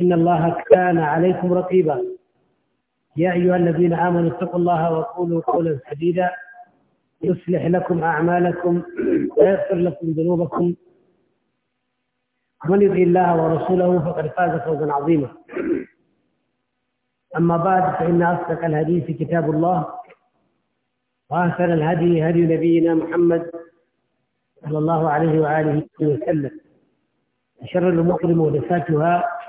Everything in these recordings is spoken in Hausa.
إن الله كان عليكم رقيبا يا أيها الذين آمنوا اتقوا الله وقولوا قولا سديدا يصلح لكم أعمالكم ويغفر لكم ذنوبكم ومن يطع الله ورسوله فقد فاز فوزا عظيما أما بعد فإن أصدق الحديث كتاب الله وآخر الهدي هدي نبينا محمد صلى الله عليه وآله وسلم شر الأمور محدثاتها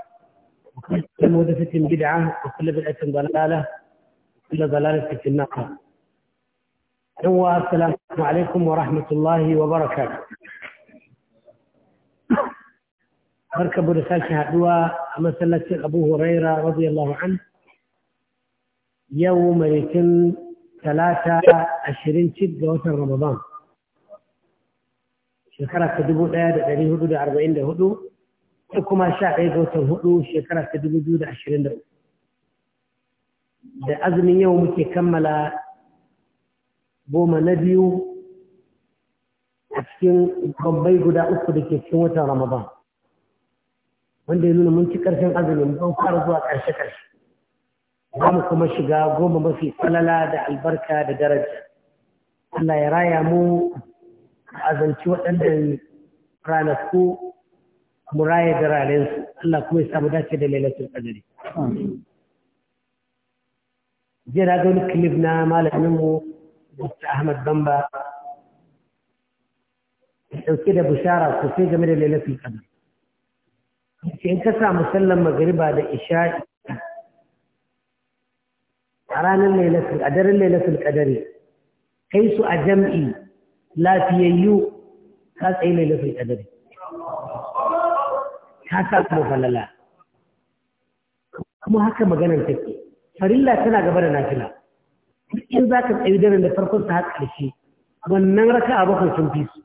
كل مهدفة بدعة وكل بدعة ضلالة وكل ضلالة في النار هو السلام عليكم ورحمة الله وبركاته أركب رسالة هدوى مسألة أبو هريرة رضي الله عنه يوم يتم ثلاثة عشرين شد جوثر رمضان شكرا كدبو الآية بعده هدو أربعين هدو da kuma sha ɗaya ga watan hudu shekara ta dubu biyu da ashirin da uku da azumin yau muke kammala goma na biyu a cikin babbai guda uku da ke cikin watan ramadan wanda ya nuna mun ci ƙarshen azumin don fara zuwa ƙarshe-ƙarshe za mu kuma shiga goma mafi falala da albarka da daraja Allah ya raya mu a azanci waɗannan ranaku Muraye da gararen su Allah kuma ya samu dace da lailatul qadri jiya na ga wani clip na malamin mu Dr. Ahmad Bamba dauke da Bushara ku sai game da lailatul qadar ce in ka samu sallan magriba da isha'i a ranar lailatul qadar lailatul qadar kai su a jam'i lafiyayyu ka tsaye lailatul qadar ta kuma falala kuma haka maganar take farilla tana gaba da nafila in za ka tsayi daren da farkon ta har ƙarshe wannan raka a bakwai sun fi su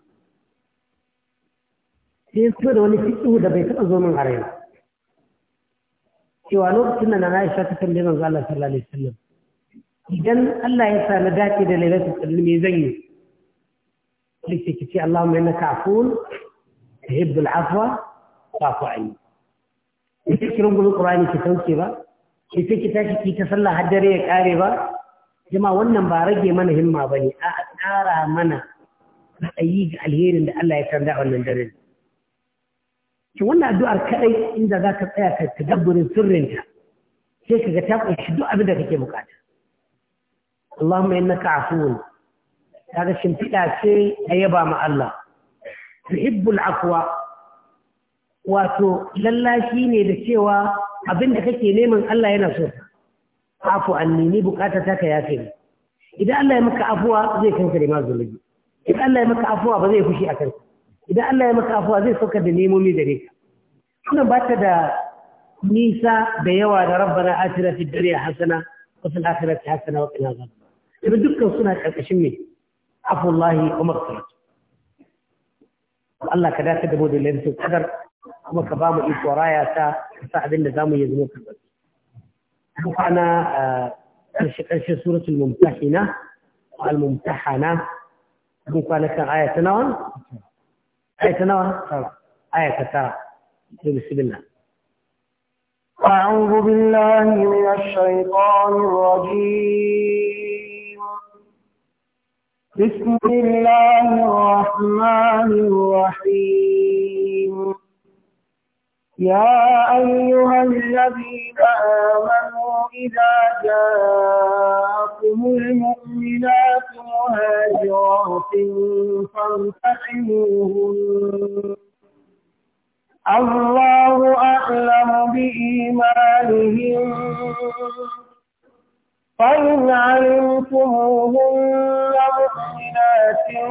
sai su da wani fiɗi da bai taɓa zo min a rai cewa lokacin da na Aisha ta tambaye manzo Allah sallallahu alaihi wasallam idan Allah ya sa na dace da lailatul qadr me zan yi sai ki ce Allahumma innaka afun tuhibbul afwa sa a yi ita kiran gudun ƙurani ki sauke ba ita ki tashi ki ta sallah har dare ya ƙare ba jama wannan ba rage mana himma ba ne a ƙara mana ra'ayi ga alherin da Allah ya canza wannan dare ki wannan addu'ar kaɗai inda za ka tsaya ka tadabburin sirrinta sai ka ga ta ƙunshi duk abin da kake bukata Allahumma innaka afuwun kaga shimfiɗa ce a yaba ma Allah tuhibbul afwa wato lallashi ne da cewa abin da kake neman Allah yana so afu anni ni bukata ta ka yafe ni idan Allah ya maka afuwa zai kanka da mazulubi idan Allah ya maka afuwa ba zai fushi a kanka idan Allah ya maka afuwa zai sauka da nemomi da ka wannan ba ta da nisa da yawa da rabbana atina fid dunya hasana wa fil akhirati hasana wa qina adhaban idan dukkan suna karkashin me afullahi wa maghfirah Allah ka dace da mu da lantin kadar kuma ka ba mu iko raya ta sa abin da zamu yi zama karɓar kwana ƙarshe ƙarshe suratul mumtahina al mumtahana mun kwana kan aya ta nawa aya ta nawa aya ta tara bismillah أعوذ بالله من الشيطان الرجيم بسم الله الرحمن الرحيم يا أيها الذين آمنوا إذا جاءكم المؤمنات مهاجرات فامتحنوهن الله أعلم بإيمانهم فإن علمتموهن مؤمنات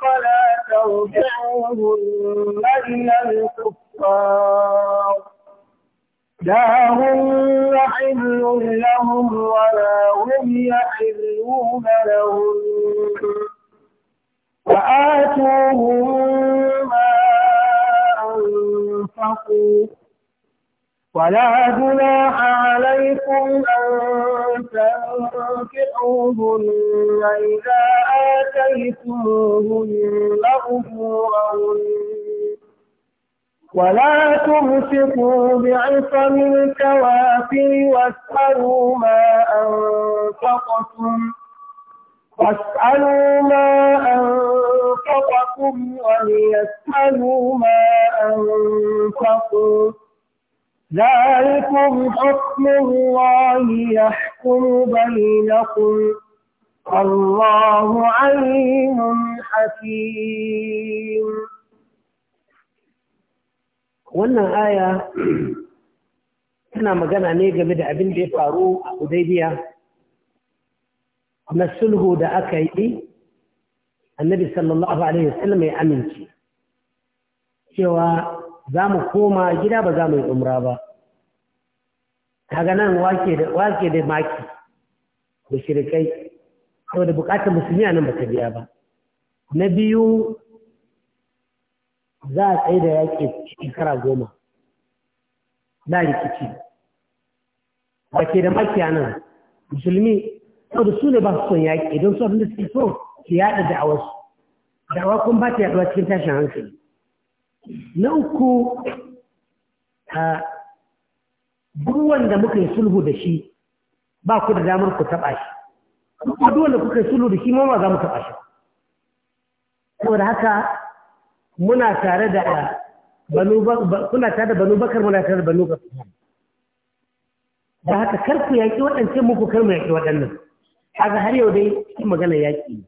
فلا ترجعوهن إلى الكفار لا هم حل لهم ولا هم يحلون لهم وآتوهم ما أنفقوا ولا جناح عليكم أن تنكحوهن إذا آتيتموهن أجورهن ولا تمسكوا بعصم الكوافر واسألوا ما أنفقتم واسألوا ما أنفقتم وليسألوا ما أنفقوا ذلكم حكم الله يحكم بينكم الله عليم حكيم wannan aya tana magana ne game da abin da ya faru a Hudaybiya na sulhu da aka yi annabi sallallahu alaihi wasallam ya amince cewa za mu koma gida ba za mu yi umra ba kaga nan wake da wake da maki mushrikai saboda bukatar musulmi a nan ba ta biya ba na biyu za a tsaye da yaƙi shekara goma na rikici wake da maki a nan musulmi saboda su ne ba su son yaƙi don su abin da suke so su yaɗa da'awarsu da'awa kuma ba ta yaɗuwa cikin tashin hankali na uku a duk wanda muka yi sulhu da shi ba ku da damar ku taba shi duk wanda kuka yi sulhu da shi ma za mu taɓa shi saboda haka muna tare da kuna tare da banu bakar muna tare da banu bakar da haka kar ku yaƙi waɗancan muku kar mu yaƙi waɗannan haka har yau dai magana yaƙi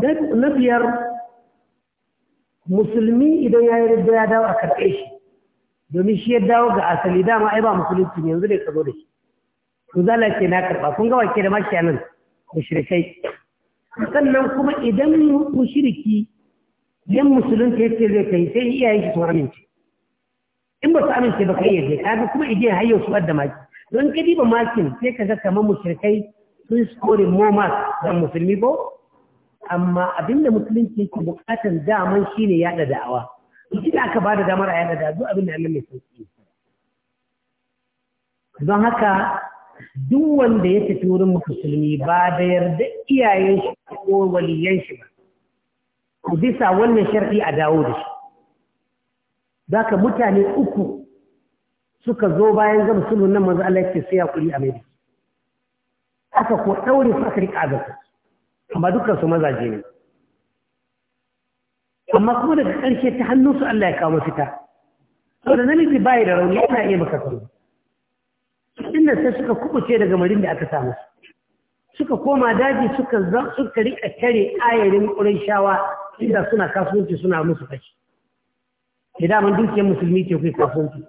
ne na biyar musulmi idan ya yi ridda ya dawo a karɓe shi domin shi ya dawo ga asali dama ai ba musulunci yanzu da ka zo da shi to zala ce na karɓa kun ga ke da mashi nan shirkai sannan kuma idan mu shirki yan musulunci yace zai kai sai iyayen shi tsoron amince in ba su amince ba kai yaje ka kuma ije hayyo su da maki don ka diba makin sai ka ga kamar mushrikai sun score more marks dan musulmi ko amma abinda musulunci yake bukatan daman shine yada da'awa da aka bada damar a yada da'awa abin da Allah mai sauki don haka duk wanda ya tafi wurin musulmi ba da yarda iyayen shi ko waliyan shi ba ku bisa wannan sharɗi a dawo da shi zaka mutane uku suka zo bayan ga sulhun nan manzo Allah ya ce sai ya kuri a mai aka ko daure su aka rika azabta amma dukkan su mazaje ne amma kuma daga ƙarshe ta su Allah ya kawo fita saboda namiji bai da rauni ana iya maka sauri inda sai suka kubuce daga marin da aka samu suka koma daji suka suka rika tare ayarin shawa, inda suna kasuwanci suna musu fashi idan mun dukiyar musulmi ke kai kasuwanci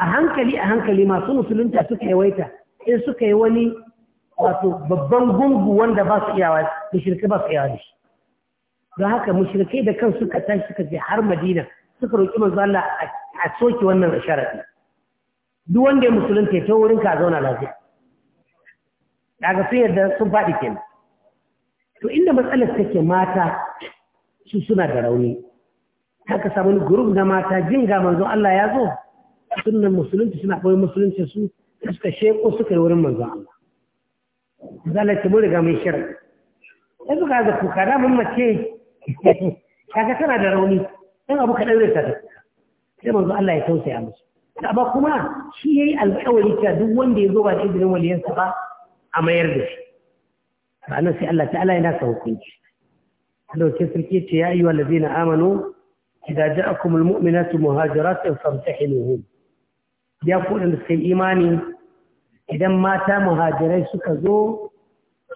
a hankali a hankali masu musulunta suka yawaita in suka yi wani wato babban gungu wanda ba su iyawa mushrikai ba su iyawa da shi don haka mushrikai da kan suka tashi suka je har madina suka roƙi manzo Allah a soke wannan sharadi duk wanda ya musulunta ya ta wurin ka zauna lafiya daga sun yadda sun faɗi kenan to inda matsalar take mata su suna da rauni haka samu wani gurub na mata jin ga manzo Allah ya zo sunan musulunci suna koyi musulunci su suka sheko suka yi wurin manzo Allah zalace mun riga mun shirin sai suka ga kuka da mun mace kaga tana da rauni dan abu kadan zai tafi sai manzo Allah ya tausaya musu amma kuma shi yayi alƙawari cewa duk wanda ya zo ba da izinin waliyansa ba a mayar da shi ranar sai Allah ta'ala yana sa hukunci Allah ke sarki ce ya ayyuhal ladina amanu idza ja'akumul mu'minatu muhajiratun famtahinuhum ya ku da suka imani idan mata muhajirai suka zo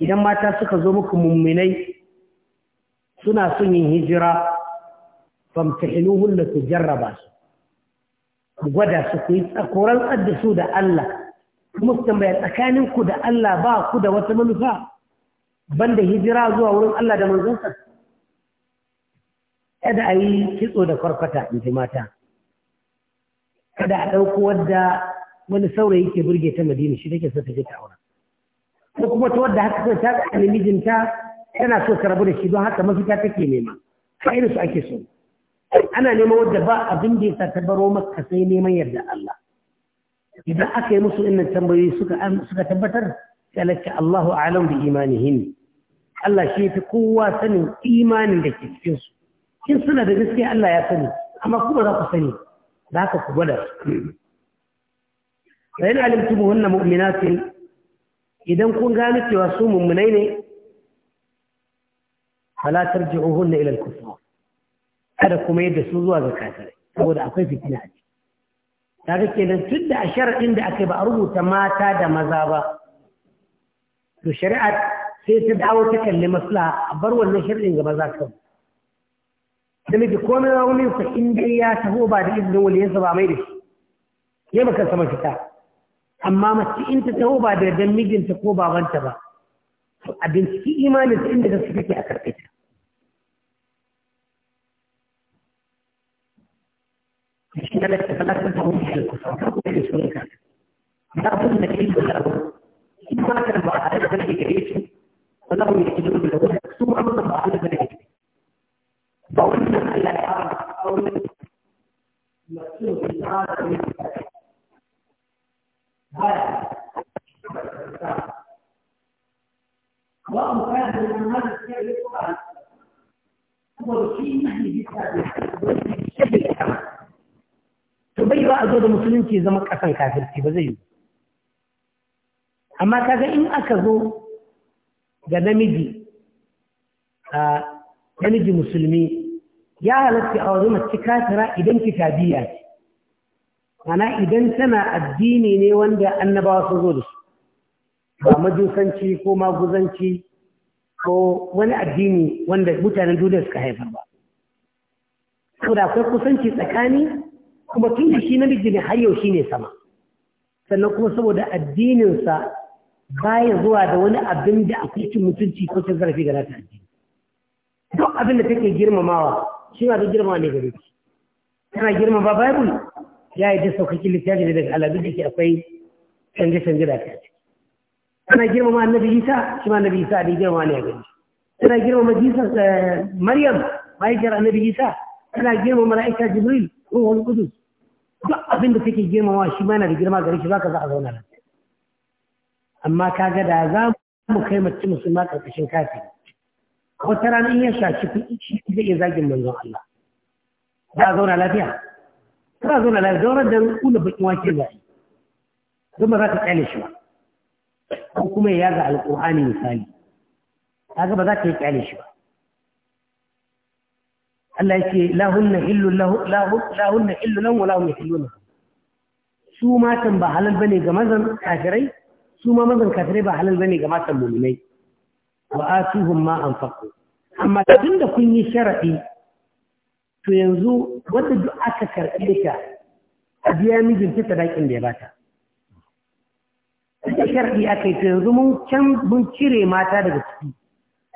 idan mata suka zo muku mumminai suna son yin hijira famtahinuhun da su jarraba ku gwada su ku yi tsakoran tsadda da Allah kuma su tambaya tsakaninku da Allah ba ku da wata manufa banda hijira zuwa wurin Allah da manzansa kada a yi kitso da farfata in ji mata kada a ɗauko wadda wani saurayi ke burge ta madina shi take so ta je ta aura ko kuma ta wadda haka ta tsani mijinta tana so ta rabu da shi don haka mafita take nema a irin su ake so ana neman wadda ba abin da ta baro maka sai neman yarda Allah idan aka yi musu innan tambayoyi suka suka tabbatar talaka Allahu a'lam bi imanihin Allah shi yafi kowa sanin imanin da ke cikin su suna da gaskiya Allah ya sani amma kuma za ku sani za ka ku gwada fa in alimtumuhunna mu'minatin idan kun gane cewa su mummunai ne fala tarji'uhunna ila al-kufr kada kuma yadda su zuwa ga kafirai saboda akwai fitina a ciki kaga kenan tun da a shara sharadin da aka ba a rubuta mata da maza ba to shari'a sai ta dawo ta kalli maslaha a bar wannan sharadin ga maza kan namiji ko na rauni sa in dai ya taho ba da izinin waliyansa ba mai da shi ya maka sama fita amma mace in ta taho ba da dan mijinta ko babanta ba to a binciki imaninta inda da su take a karɓe ta shi da ta falaka ta hudu da kusa ko da su ne ka da kun da ke da abu in ba ka ba a da kake gare shi wallahu ya ji da wani su ma ba ba da kake ba wannan Allah ya fara auren mutum da ta fara saboda musulunci zama kasan kafirci ba zai yi amma kaga in aka zo ga namiji a namiji musulmi ya halatta a wajen mace kafira idan kitabiya ce mana idan tana addini ne wanda annabawa sun zo da su ba majusanci ko maguzanci ko wani addini wanda mutanen duniya suka haifar ba. Saboda akwai kusanci tsakani kuma tun da shi namiji ne har yau shi ne sama sannan kuma saboda addininsa baya zuwa da wani abin da akwai cin mutunci ko cin zarafi ga nata addini duk abin da take girmamawa shi ma da girma ne gare ki tana girmama bible ya yi da saukakin littafi ne daga alabi da ke akwai canje-canje da ta ciki tana girmama annabi isa shi ma annabi isa da girma ne a gare tana girmama jesus eh, maryam mahaifiyar annabi isa tana girmama ra'aika jibril ruhul kudus duk abin da kake girmama shi ma yana da girma gare shi ka za a zauna nan amma ga da za mu kai mace musulma karkashin kafiri wata rana in ya shaci kuɗi shi zai iya zagin manzon Allah za a zauna lafiya za a zauna lafiya don da kula bakin wake za a yi don ba za ka tsale shi ba ko kuma ya ga alƙur'ani misali ga ba za ka yi tsale shi ba Allah ya ce lahunna illu lahunna illu lan wala hum yahilluna su matan ba halal bane ga mazan kafirai su ma mazan kafirai ba halal bane ga matan mu'minai wa atuhum ma anfaqu amma da kun yi sharadi to yanzu wanda duk aka karbi ta a biya mijinta sadakin da ya bata da sharadi aka yi to yanzu mun can mun cire mata daga ciki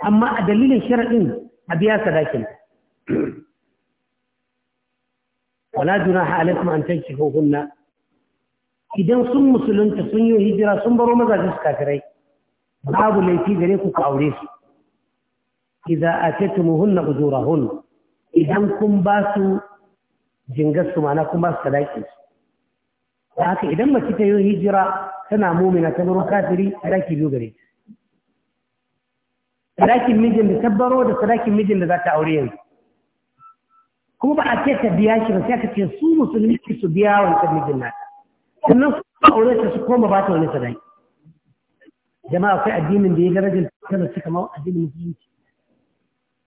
amma a dalilin sharadin a biya sadakin ta wala junaha alaikum an tankihuhunna idan sun musulunta sun yi hijira sun baro mazaje su kafirai babu laifi gare ku ku aure su idza ataytumuhunna ujurahunna idan kun ba su jingar su mana kun ba su sadaki da haka idan mace ta yi hijira tana mumina ta baro kafiri sadaki biyu gare ta sadakin mijin da ta da sadakin mijin da za ta aure yanzu kuma ba a ce ka biya shi ba sai ka ce su musulmi su biya wancan mijin na sannan su aure ta su koma ba ta wani sadaki jama'a akwai addinin da ya darajar tana suka mawa addinin musulunci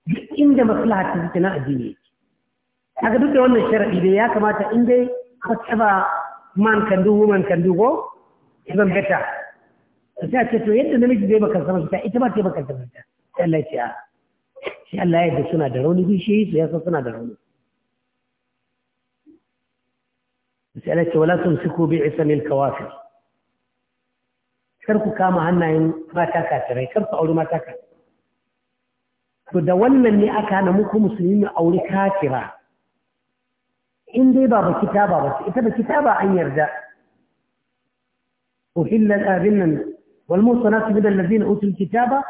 duk inda maslaha ta zuke na addini yake kaga duk da wannan sharaɗi dai ya kamata in dai whatever man can do woman can do go even better sai a ce to yadda namiji zai baka sama ta ita ba ta baka sama ta Allah ya ce a shi Allah ya yarda suna da rauni shi su ya suna da rauni مسألة ولا تمسكوا بعثم الكوافر كركو كاما هنا ما تكاتر كركو أولو ما تكاتر فدا ولن ني أكا نموكو مسلمين أو كاترا إن دي باب كتابة بس إتبا كتابة أن يرجع أحل الآذنن والمصنات من الذين أوتوا الكتابة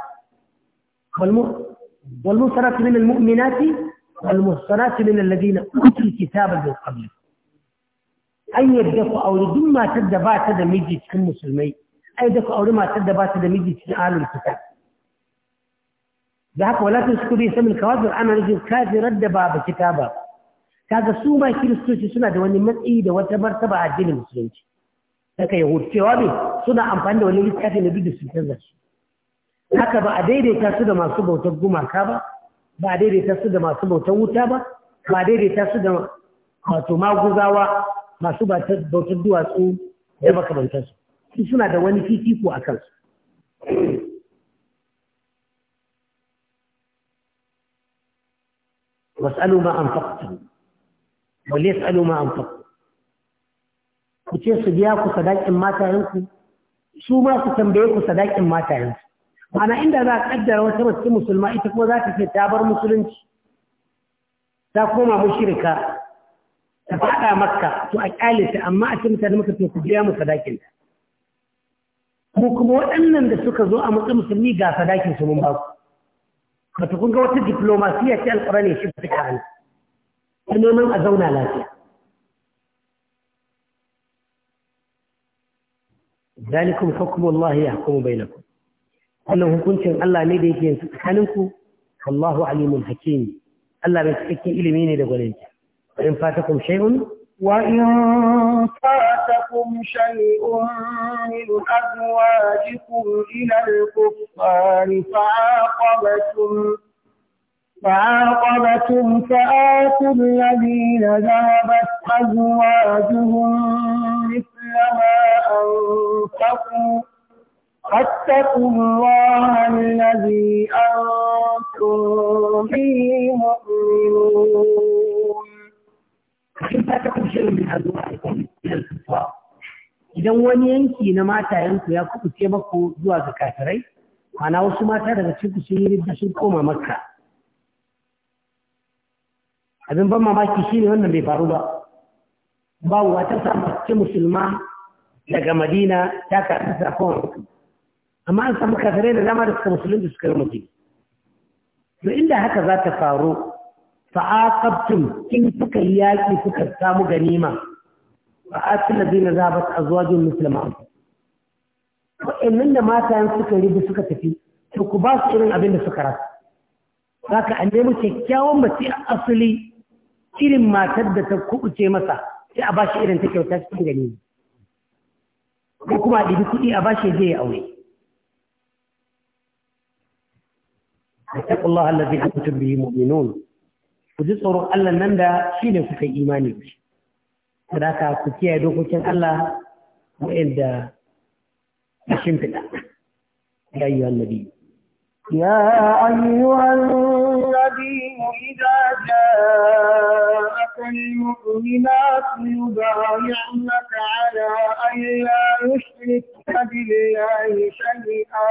والم... من المؤمنات والمصنات من الذين أوتوا الكتابة من قبلك an yarda ku aure duk matar da ba ta da miji cikin musulmai ai da ku aure matar da ba ta da miji cikin alul kita da haka wala ta shukuru samun ana nufin kafirar da ba ba kita ba kaga su ma kiristoci suna da wani matsayi da wata martaba a addinin musulunci daga yahud cewa ne suna amfani da wani littafi na bidda sun canza su haka ba a daidaita su da masu bautar gumaka ba ba a daidaita su da masu bautar wuta ba ba a daidaita su da wato maguzawa masu bautar duwatsu da bautar su suna da wani fifiko a kansu wasu ma an faƙta wale su ma an fakta. ku ce su biya ku sadakin matayenku su ma su tambaye ku sadakin matayensu Mana inda za a kaddara wata mace musulma ita kuma za ta ce ta bar musulunci ta koma mushrika ta faɗa makka to a ƙyale ta amma a ce mutane maka to ku biya mu sadakin ko kuma waɗannan da suka zo a matsayin musulmi ga sadakin su mun ba ku ba ta kun ga wata diplomasiya ce alƙurani shi ta kare ta neman a zauna lafiya ذلكم حكم الله يحكم بينكم wannan hukuncin Allah ne da yake yin tsakaninku wallahu alimul hakim Allah bai cikakken ilimi ne da gwaninta وإن فاتكم شيء وإن فاتكم شيء من أزواجكم إلى الكفار فعاقبتم فعاقبتم فآتوا الذين ذهبت أزواجهم مثل ما أنفقوا فاتقوا الله الذي أنتم به مؤمنون in ta ta kushe min azwa'ikum ila al idan wani yanki na mata yanku ya kubuce maku zuwa ga kafirai mana wasu mata daga cikin sun yi ridda sun koma makka abin ban mamaki shine wannan bai faru ba babu wata samu musulma daga madina ta karɓi sakon amma an samu kafirai da dama da suka musulun da suka yi mutum to inda haka za ta faru fa'aqabtum in kuka yaki kuka samu ganima fa'atul ladina zabat azwajun musliman wa'annan da matayen suka ribi suka tafi to ku ba su irin abin da suka rasa zaka an nemi kyakkyawan mace a asali irin matar da ta kubuce masa sai a bashi irin ta kyauta cikin gani, ko kuma a ɗibi kuɗi a bashi zai aure اتقوا الله الذي انتم به مؤمنون ku ji tsoron Allah nan da shi ne kuka imani ku shi sadaka ku kiyaye dokokin Allah wa'anda shin fida ya ayyuhan nabi يا أيها النبي إذا جاءك المؤمنات يبايعنك على أن لا يشركن بالله شيئا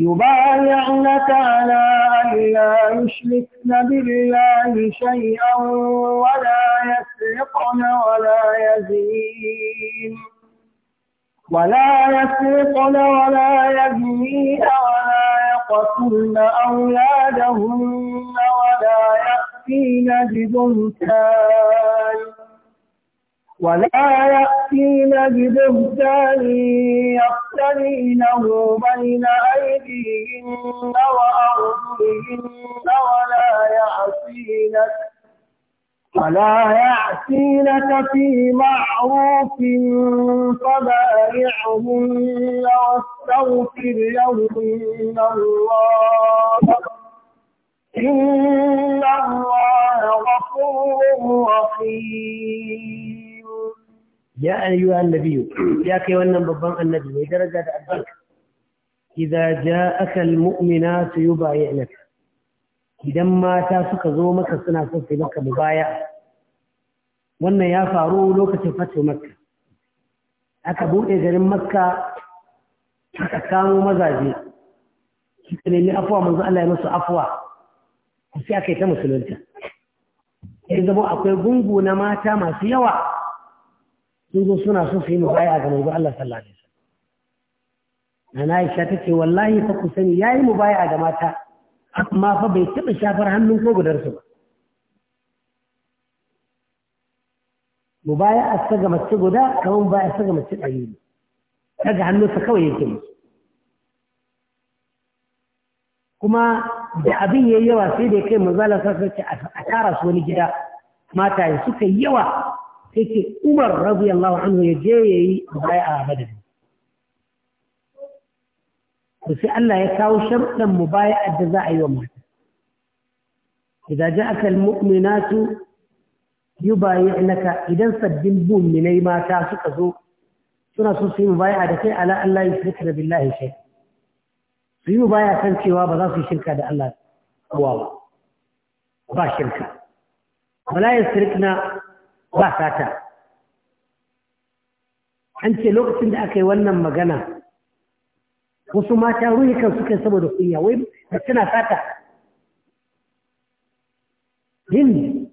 يبايعنك على أن لا يشركن بالله شيئا ولا يسرقن ولا يزين ولا يسرقن ولا يزين ولا يقتلن أولادهن ولا يأتين ببهتان ولا يأتين ببهتان يفترينه بين أيديهن وأرجلهن ولا يعصينك ولا يعصينك في معروف فبايعهن واستغفر لهن الله إن الله غفور رحيم ya ayyuha annabiyyu ya kai wannan babban annabi mai daraja da albarka idza ja'aka almu'minatu yubayyinak idan mata suka zo maka suna son su maka mubaya wannan ya faru lokacin fatu makka aka buɗe garin makka aka kamo mazaje suka nemi afuwa manzo Allah ya musu afuwa sai aka yi ta musulunta ya akwai gungu na mata masu yawa sun suna son su yi mubaya ga manzo Allah sallallahu alaihi wasallam ana Aisha take wallahi fa ku sani yayi mubaya ga mata amma fa bai taba shafar hannun ko gudar su ba mubaya a saga mace guda kamar ba a ga mace ɗari ne daga sa kawai yake musu kuma da abin ya yawa sai da ya kai manzala sassa ce a tara su wani gida mata suka yi yawa ce Umar radiyallahu anhu ya je yayi bai'a a Badr to sai Allah ya kawo sharɗan mubaya'a da za a yi wa mata idza ja'aka almu'minatu yubayi'naka idan sabbin mu'minai mata suka zo suna so su yi mubaya'a da kai ala Allah ya shirka billahi shay su yi mubaya kan cewa ba za su yi shirka da Allah kowa ba ba shirka wala yasrikna ba sata an ce lokacin da aka yi wannan magana wasu mata ruhi suka yi saboda kunya wai da suna sata yin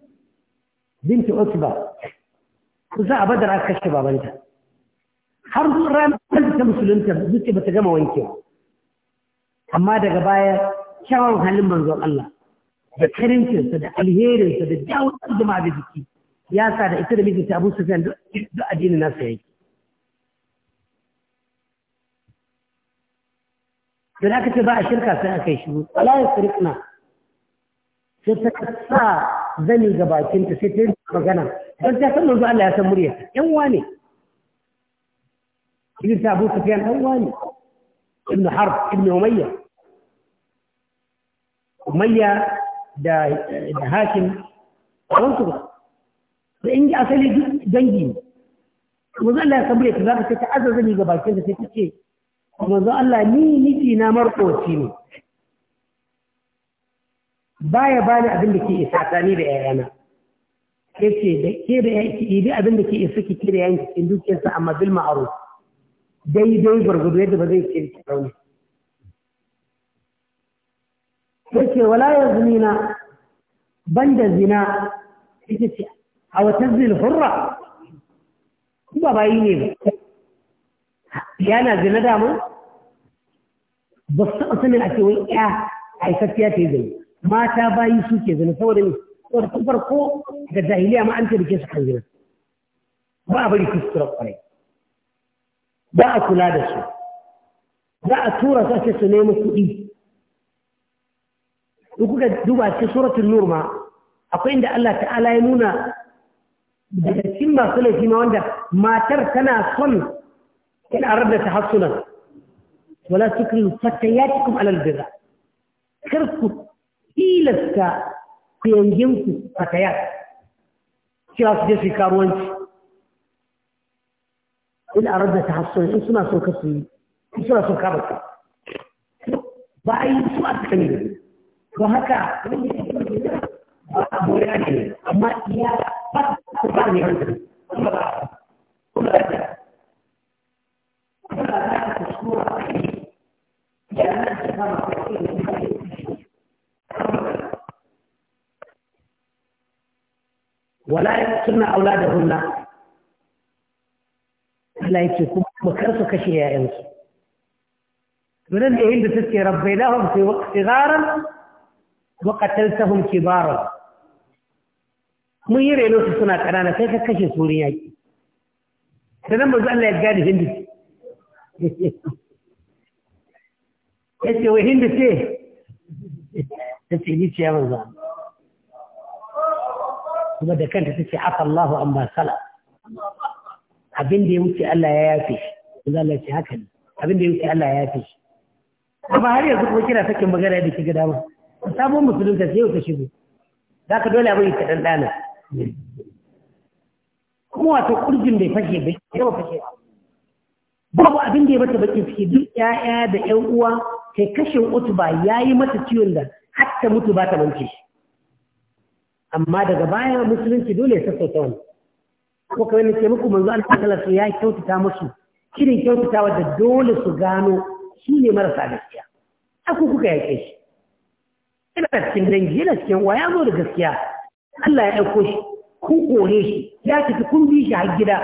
binti utba kusa a badar aka kashe babanta har zuwa ranar da ta musulunta zuke ba ta gama wankewa amma daga baya kyawun halin manzon Allah da karincinsa da alherinsa da jawon jama'a da jiki ya sa da ita da mijinta Abu Sufyan duk addinin nasa yake da aka ce ba a shirka sai aka yi shiru ala ya sirikna sai ta sa zani ga bakinta sai ta yi magana don ta san manzo Allah ya san murya yan wane ibn Abu Sufyan yan wane ibn Harb ibn Umayya Umayya da da Hashim wannan su to in ji asali dangi ne manzo Allah ya tambaye ta zaka ce ta azazani ga bakin da sai ta ce manzo Allah ni miji na marƙoci ne baya bani abin da ke isa tsani da yayana ya ce da ke da yanki idi abin da ke isa kike ke da yanki in dukiyarsa amma bil ma'ruf daidai gurgudu yadda ba zai ke da rauni Ya ce wala ya zunina banda zina ita ce a wata zilhurra ba bayi ne ba yana zina damar ba su taɓa sanin a cewa ya haifaffiya ta yi zai mata bayi suke zina saboda ne saboda tun farko da jahiliya ma an tarike su kan zina ba a bari kuskura kwarai ba a kula da su za a tura su ake su nemi kuɗi in kuka duba cikin suratul nur ma akwai inda Allah ta'ala ya nuna daga cikin masu laifi ma wanda matar tana son in arabda ta hasunan wala sukrin fatayatikum alal birra kar ku tilasta ku yangin ku fatayat cewa su je su karuwanci in arabda ta hasunan in suna so kasu yi in suna so kama ba a yi su a tsakani da ba haka ba a boya ne amma iya ولا يقتلن أولادهن لا يكون بكرسوا كشيء انس من الهند تسكي ربيناهم في وقت صغارا وقتلتهم كبارا mun yi reno su suna ƙanana sai ka kashe surin yaƙi da nan bazu Allah ya gadi hindu ya ce wa hindu ce ta ce ni ya manzo kuma da kanta ta ce aka Allahu an Basala. Abinda abin da ya wuce Allah ya yafe shi manzo Allah ya ce haka ne abin da ya wuce Allah ya yafe shi amma har yanzu kuma kina sakin magana da shiga dama sabon musulunta sai yau ta shigo za ka dole abin ta ɗanɗana kuma wato kurjin bai fashe bai yawa fashe ba babu abin da ya bata bakin ciki duk 'ya'ya da ƴan uwa kai kashin utuba yayi mata ciwon da hatta mutu ba ta mance amma daga baya musulunci dole ya sassauta wani ko kawai na ce muku manzo Allah sallallahu ya kyautata musu kirin kyautatawa da dole su gano su ne marasa gaskiya aku kuka yake shi ina cikin dangi yana cikin waya zo da gaskiya Allah ya aiko shi kun kore shi ya tafi kun bi shi har gida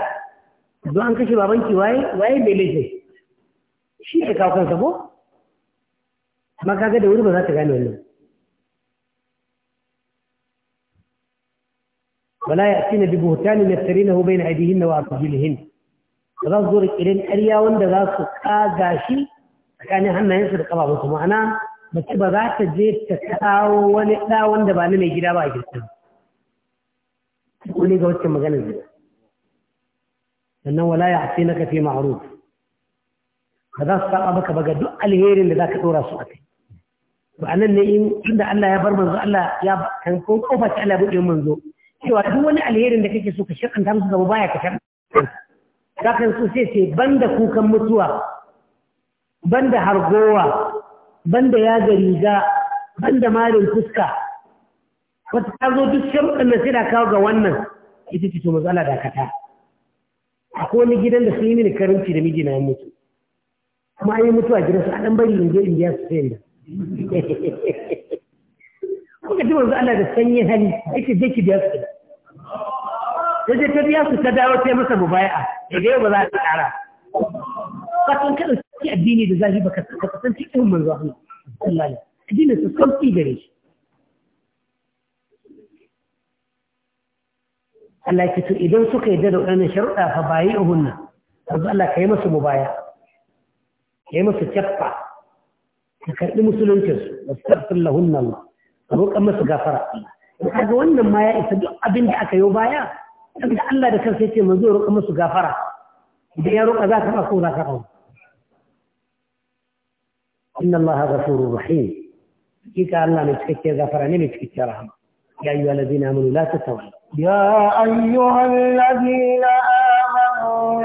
don an kashe babanki waye waye bai laifi shi ne kawo kansa ko amma kaga da wuri ba za ta gane wannan wala ya ya'tina bi buhtanin yaftarinahu bayna aydihinna wa arjulihinna ba za su zo da ƙirin ƙarya wanda za su kaga shi tsakanin hannayensu da ƙafafunsu ma'ana mace ba za ta je ta kawo wani ɗa wanda ba na mai gida ba a girkin kuli ga wacce magana zai sannan wala ya afi na fi ma'ruf ba za su saba maka ba ga duk alherin da ka dora su akai to anan ne in inda Allah ya bar manzo Allah ya kan ko kofa ta Allah bude manzo cewa duk wani alherin da kake so ka shirkanta musu gaba baya ka shirkanta zaka so sai sai banda kukan mutuwa banda hargowa banda yaga riga banda marin fuska wata ta zo duk sharuɗan nan sai da kawo ga wannan ita ce to matsala da kata akwai wani gidan da sun yi mini karanci da na yin mutu kuma an yi mutuwa gidan su a ɗan bari in je su sayan da kuka ji wanzu Allah da sanyin hali yake je ki biya su ya je ta biya su ta dawo sai masa baya, mubaya'a daga yau ba za ta ƙara Ba san kada ki addini da zahi baka san cikin manzo Allah a alaihi wasallam addinin su sauki gare shi Allah ya to idan suka yadda da waɗannan sharuɗa fa bayi uhunna yanzu Allah ka yi musu mubaya ka yi musu kyaffa ka karɓi musuluncinsu da su karfin lahunna Allah ka roƙa musu gafara Allah kaga wannan ma ya isa duk abin da aka yi baya saboda Allah da kansa yace manzo ya roƙa musu gafara idan ya roƙa za ka ba ko za ka ba inna Allah ghafurur rahim kika Allah mai cikakken gafara ne mai cikakken rahama ya ayyuhallazina amanu la tatawallu يا أيها الذين آمنوا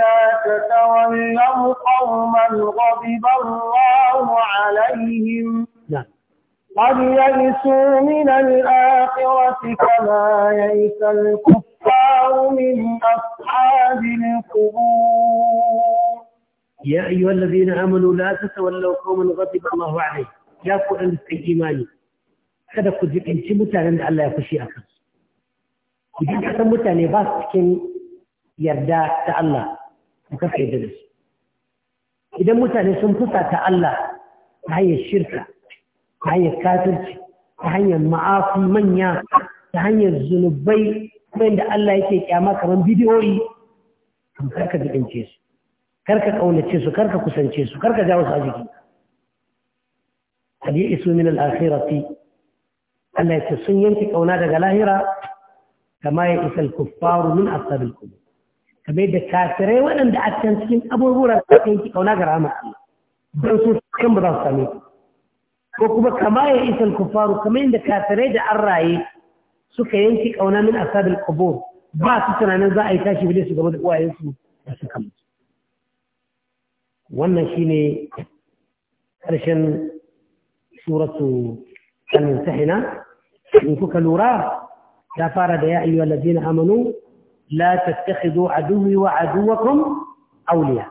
لا تتولوا قوما غضب الله عليهم نعم. قد يئسوا من الآخرة كما يئس الكفار من أصحاب القبور يا أيها الذين آمنوا لا تتولوا قوما غضب الله عليهم يا قوم أنت إيماني kada ku jikinci شيء da Allah ya fushi a idan ka san mutane ba su cikin yarda ta Allah to ka yadda da su idan mutane sun fusa ta Allah ta hanyar shirka ta hanyar kafirci ta hanyar ma'afi manya ta hanyar zunubai da Allah yake kyama kamar bidiyoyi to karka bidance su karka kaunace su karka kusance su karka jawo su a jiki hadiyi isu min al-akhirati Allah ya ce sun yanke kauna daga lahira kama ya isa kuffaru min asabil kubur kama da kafirai waɗanda a can cikin abubuwa da aka yi ƙauna ga rahama Allah don su kan ba za su same ku ko kuma kama ya isa kuffaru kama da kafirai da an raye suka yanki ƙauna min asabil kubur ba su tunanin za a yi tashi bile su gaba da uwayensu da suka mutu wannan shine ƙarshen suratu ta hina, in kuka lura ya fara da ya ayyu allazina amanu la tattakhidu aduwwi wa aduwwakum awliya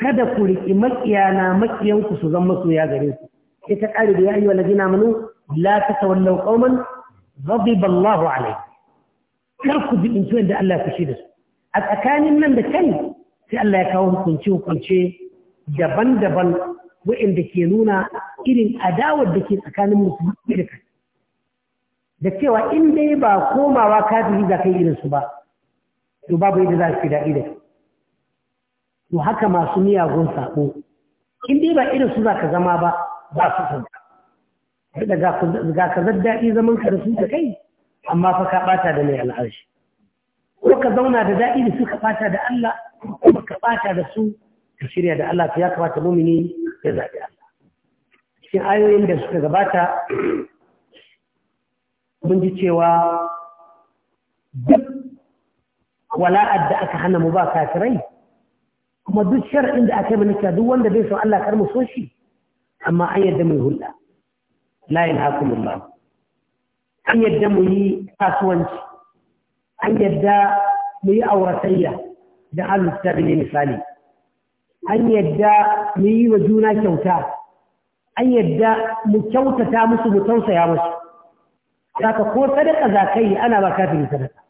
kada ku riki makiyana makiyanku su zama su ya gare ku sai ta kare da ya ayyu allazina amanu la tatawallaw qauman ghadiba Allahu alayhi kar ku bi intuwan da Allah ya fushi da su a tsakanin nan da kai sai Allah ya kawo hukunci hukunce daban-daban waɗanda ke nuna irin adawar da ke tsakanin musulmi da kai da cewa in dai ba komawa kafiri za ka yi irinsu ba to babu yadda za su daɗi da to haka masu miyagun saƙo in dai ba irinsu za ka zama ba ba su san ka da ga ka daɗi zaman ka da su da kai amma fa ka ɓata da mai al'arshi ko ka zauna da daɗi da su ka ɓata da Allah kuma ka ɓata da su ka shirya da Allah ya kamata mumini ya zaɓi Allah cikin ayoyin da suka gabata mun ji cewa duk wala'ad da aka hana mu ba kafirai kuma duk shar'in da aka yi mana duk wanda bai son Allah kar mu so shi amma an yadda mu hulɗa la ilaha an yadda mu yi kasuwanci an yadda mu yi auratayya da halitta da ne misali an yadda mu yi wa juna kyauta an yadda mu kyautata musu mu tausaya musu zaka ko sadaka za ka yi ana ba kafiri sadaka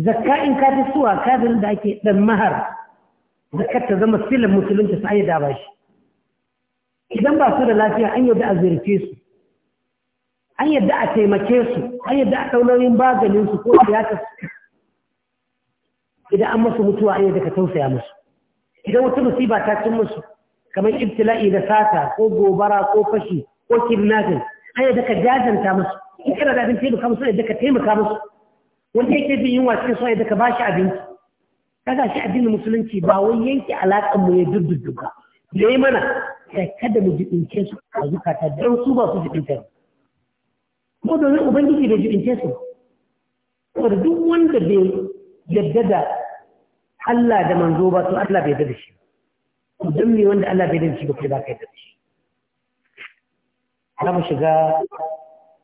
zakka in ka fi suwa kafirin da ake dan mahar zakkar ta zama silin musulunci su da ba shi idan ba su da lafiya an yadda a zirce su an yadda a taimake su an yadda a ɗaunoyin baganin su ko tiyatar su idan an masu mutuwa an yadda ka tausaya musu idan wata musiba ta cin musu kamar ibtila'i da sata ko gobara ko fashi ko kidnapping an da ka jazanta musu in kana da abin taimaka musu da ka taimaka musu wanda yake bin yunwa cikin so da ka ba shi abinci kaga shi addinin musulunci ba wai yanke alaƙar mu ya dudduka da yi mana da kada mu jibince su a zukata don su ba su jibince ko domin ubangiji bai jibince su ko da duk wanda bai yadda da Allah da manzo ba to Allah bai yadda da shi don me wanda Allah bai yadda da shi ba kai ba kai da shi مش اذا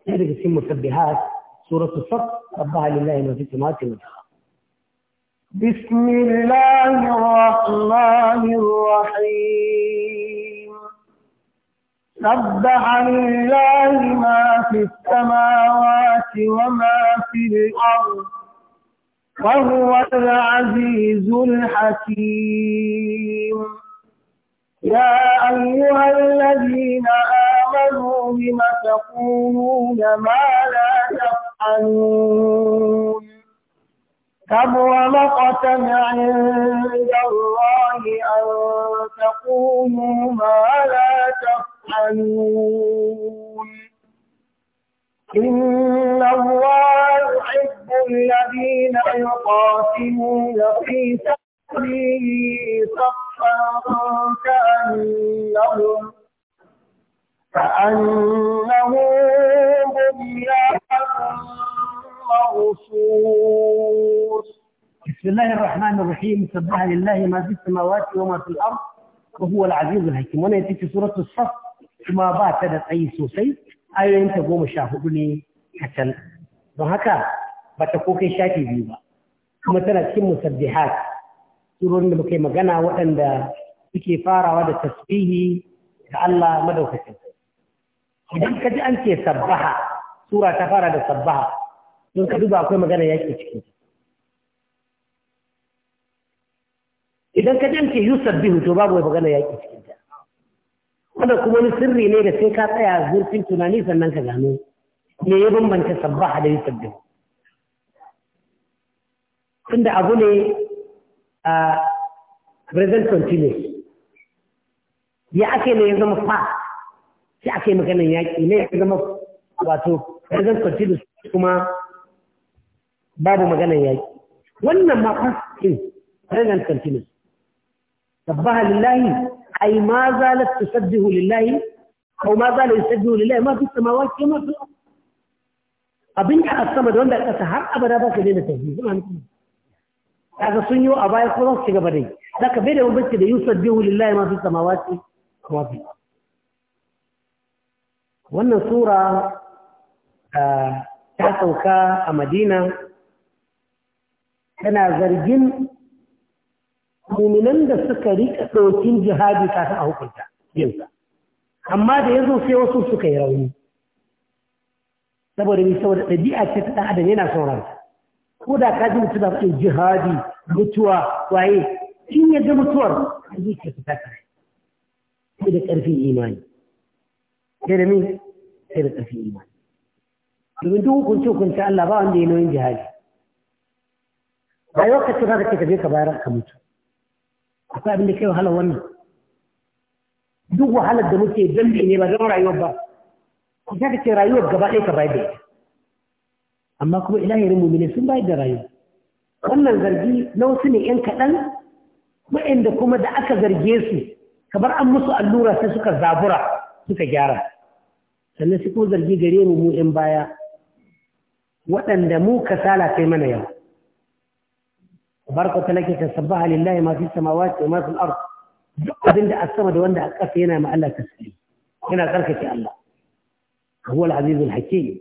يرجع في مسبحات سورة الصف ربها لله ما في السماوات والأرض بسم الله الرحمن الرحيم سبح لله ما في السماوات وما في الأرض وهو العزيز الحكيم يا أيها الذين آمنوا بما تقولون ما لا تفعلون كبر مقتا عند الله أن تقولوا ما لا تفعلون إن الله يحب الذين يقاتلون في سبيله بسم الله الرحمن الرحيم سبح لله ما في السماوات وما في الأرض وهو العزيز الحكيم وانا يتيك سورة الصف ما باتدت أي سوسي أي أنت هو مشاهدني حتى وهكذا بتقوك شاكي بيبا كما تنا تكون مسبحات surorin da muka yi magana waɗanda suke farawa da tasbihi ga Allah madaukakin idan ka ji an ce sabbaha sura ta fara da sabbaha don ka duba akwai magana ya ke ciki idan ka ji an ce yusabbihu to babu magana ya ke ciki wanda kuma wani sirri ne da sai ka tsaya zurfin tunani sannan ka gano me ya bambanta sabbaha da yusabbihu tunda abu ne present continuous ya ake ne ya zama fa shi ake maganin yaƙi ne ya zama wato present continuous kuma babu maganin yaƙi wannan ma past tense present continuous sabbaha halillahi ai ma zalat tusabbihu lillahi ko ma zala yusabbihu lillahi ma fi samawati ma fi abin da aka sama da wanda aka har abada ba ka daina tasbih kaga sun yi a baya ko za su ci gaba dai zaka bai da mabarci da yusuf bihu lillahi ma fi samawati kuma fi wannan sura ta sauka a madina tana zargin muminan da suka rika ɗaukin jihadi kafin a hukunta yinsa amma da ya zo sai wasu suka yi rauni saboda ni saboda ɗabi'a ce ta ɗan adam yana son ransa ko da ka ji mutum da faɗin jihadi mutuwa waye in ya ga mutuwar zuciya ta kare sai da ƙarfin imani sai da min sai da ƙarfin imani domin duk hukunci hukunci Allah ba wanda ya nauyin jihadi ba yau ka cika kake ka je ka bayar ka mutu akwai abin da kai wahalar wannan duk wahalar da muke dambe ne ba zama rayuwar ba ku ka ce rayuwar gaba ɗaya ka bayar da ita amma kuma ilahirin mumine sun bayar da rayu wannan zargi na wasu ne ‘yan kaɗan waɗanda kuma da aka zarge su kamar an musu allura sai suka zabura suka gyara sannan su kuma zargi gare mu mu ‘yan baya waɗanda mu kasala kai mana yau barka ta lake tasabbaha lillahi ma fi samawati wa ma duk abin da asama da wanda a ƙasa yana ma Allah tasbih yana tsarkake Allah huwa al-azizul hakim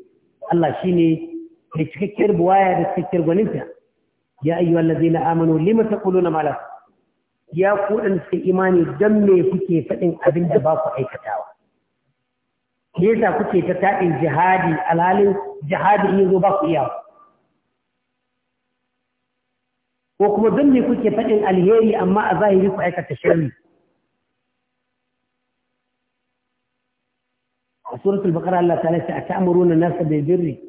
Allah shine mai cikakkiyar buwaya da cikakkiyar gwaninta ya ayyuhal ladzina amanu lima taquluna ma la ya ku dan suka imani dan me kuke fadin abin da ba ku aikatawa me yasa kuke ta taɗin jihadi alhalin jihadi in zo ba ku iya ko kuma dan me kuke fadin alheri amma a zahiri ku aikata sharri a suratul baqara Allah ta'ala ta ta'muruna an-nasa bil birri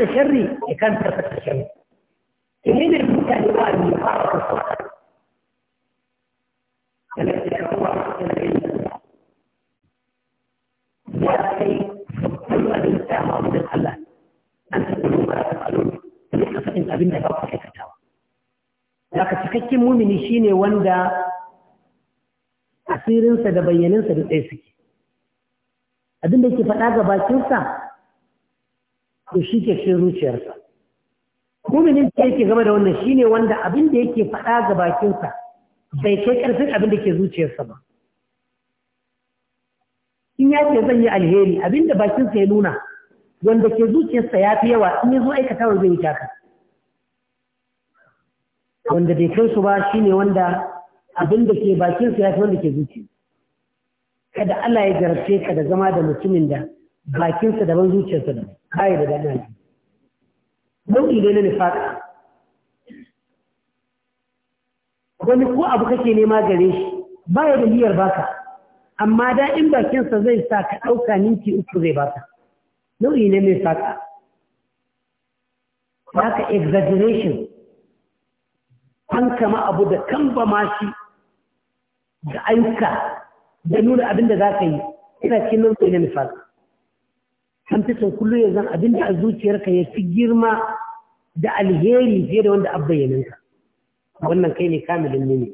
da sharri ya kan tabbata sharri ne ne mutane ba a ni fara kasuwa kana da kowa kana da ya kai kuma da ta ma da Allah an ta duba da alon ne ka fadin abin da ba ku aikatawa daga cikakken mumini shine wanda asirinsa da bayyaninsa da tsaye suke abin da yake faɗa ga bakinsa to shi ke cikin zuciyarsa muminin da yake game da wannan shine wanda abin da yake faɗa ga bakinsa bai kai ƙarfin abin da ke zuciyarsa ba in ya ce zan yi alheri abin da bakinsa ya nuna wanda ke zuciyarsa ya fi yawa in ya zo wa zai wuce taka. wanda bai kai su ba shine wanda abin da ke bakinsa ya fi wanda ke zuciya kada Allah ya jarabce ka da zama da mutumin da bakinsa daban zuciyarsa daban kai da dana nau'i ne na nifaq wani ko abu kake nema gare shi baya da miyar baka amma da in bakinsa zai sa ka ɗauka ninki uku zai baka nau'i ne mai saka haka exaggeration an kama abu da kan ba shi da ayyuka da nuna abin da za ka yi ina cikin nau'i ne mai an fi kullum ya zan abin da a zuciyarka ya fi girma da alheri fiye da wanda abbayyaninka wannan kai ne kamilin ne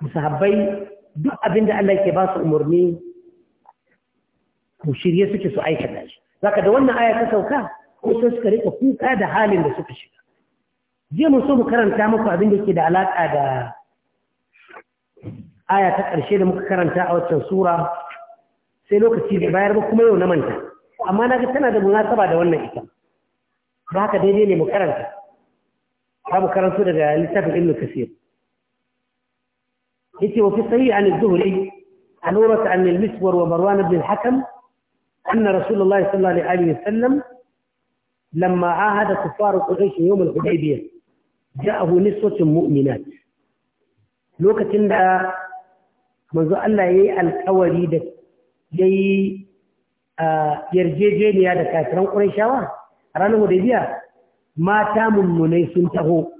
musahabbai duk abin da Allah ke ba su umarni ku shirye suke su aikata shi zaka da wannan aya ta sauka ko sai suka rika kuka da halin da suka shiga je mu so mu karanta muku abin da yake da alaka da aya ta ƙarshe da muka karanta a waccan sura sai lokaci da bayar ba kuma yau na manta amma na ga tana da munasaba da wannan ita ba haka daidai ne mu karanta za mu karanta daga littafin ibn kasir yace wa fi sahih an az-zuhri an urat an al-miswar wa marwan ibn al-hakam أن رسول الله صلى الله عليه وسلم لما عاهد كفار قريش يوم الحديبية جاءه نسوة مؤمنات لوكتين دا منذ الله يي القوري دا ya yi yarjejeniya da kafiran ƙurashawa a ranar hudaybiya mata mummunai sun taho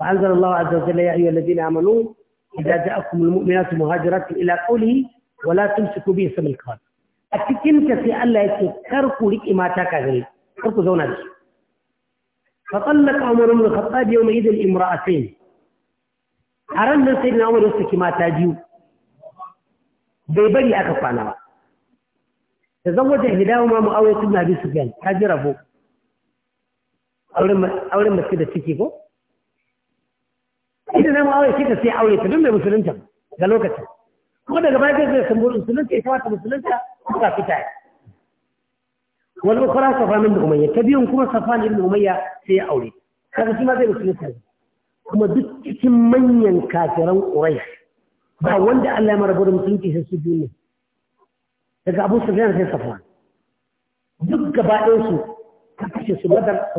wa anzalallahu azza wa jalla ya ayyuhal ladina amanu idza ja'akumul mu'minatu muhajiratun ila qawlihi wa la tumsiku bi ismil kafir a cikin ta sai Allah yake kar ku riƙe mata kafirai kar ku zauna da su fa tallaqa umar ibn khattab yawma idhin imra'atayn a ran nan sayyidina umar ya saki mata biyu bai bari aka kwana ba da zan wajen hidawa ma mu'awai tun na bisu su gan ta jira ko. auren masu da ciki ko ita na mu'awai shi ta sai aure ta dun mai musulunta ga lokacin kuma daga baya zai sun burin musulunta Ya wata musulunta ko ka fita wani ukura safan da umayya ta biyun kuma safan da umayya sai ya aure kaga shi ma zai musulunta kuma duk cikin manyan kafiran ƙurai ba wanda Allah ya mara da musulunci sai su biyu ne daga abu su sai safa duk gaba ɗansu ta kashe su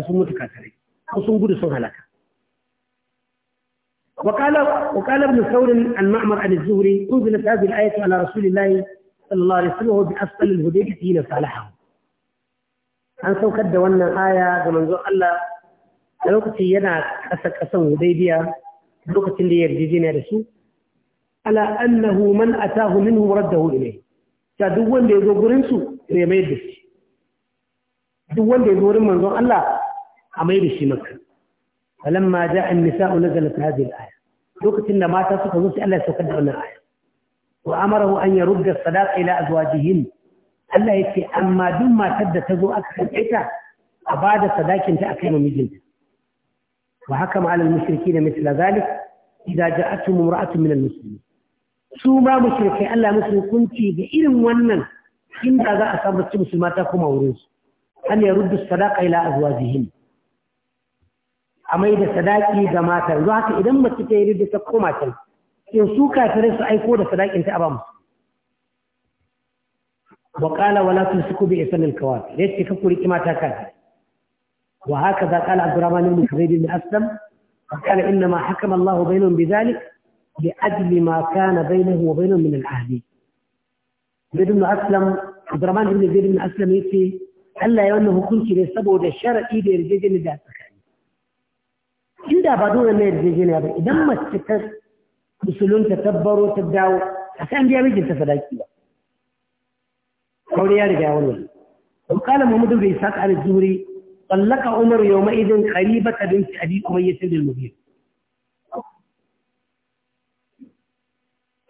sun mutu ko sun gudu sun halaka وقال وقال ابن ثور عن معمر عن الزهري انزلت هذه الايه على رسول الله صلى الله عليه وسلم وهو حين صالحه. an saukar da wannan aya ga manzon Allah a lokacin yana ƙasa ƙasan hudaybiya lokacin da yarjejeniya da su ala annahu man atahu minhum raddahu ilayhi ta duk wanda yazo gurin su ya mai da shi duk wanda yazo gurin manzon Allah a mai da shi maka falamma ja'a an-nisa'u nazalat hadhihi al-aya lokacin da mata suka zo sai Allah ya saukar da wannan aya wa amarahu an yarudda sadaqa ila azwajihin Allah yake amma duk matar da ta zo aka kace a bada sadakin ta akai mijinta wa haka ma alal mushrikeena mithla zalik idza ja'atuhum imra'atun min al-muslimin su ma mushrikai Allah musu hukunci da irin wannan inda za a samu musulma ta kuma wurin su an ya ruddu sadaka ila azwajihin a mai da sadaki ga mata yanzu haka idan mace ta yi ta koma in su kafire su aiko da sadakin ta a ba musu وقال ولا تمسكوا بإسن الكوافر ليس كفر ka تكافر وهكذا قال عبد الرحمن بن خبيب بن أسلم وقال إنما حكم الله بينهم بذلك لأجل ما كان بينه وبينه من العهد. زيد بن أسلم عبد الرحمن بن زيد بن أسلم يكفي ألا يونه كنت لسبب ده شر إيدي الجيجين ده أتخاني إذا بدون ما الجيجين يا بي دم التكس مسلون تتبروا تبدعوا أخيان بيا بيجي تفضل كذا. قولي يا رجاء وقال محمد بن إساق عن الزوري طلق عمر يومئذ قريبة بنت أبي أمية المدير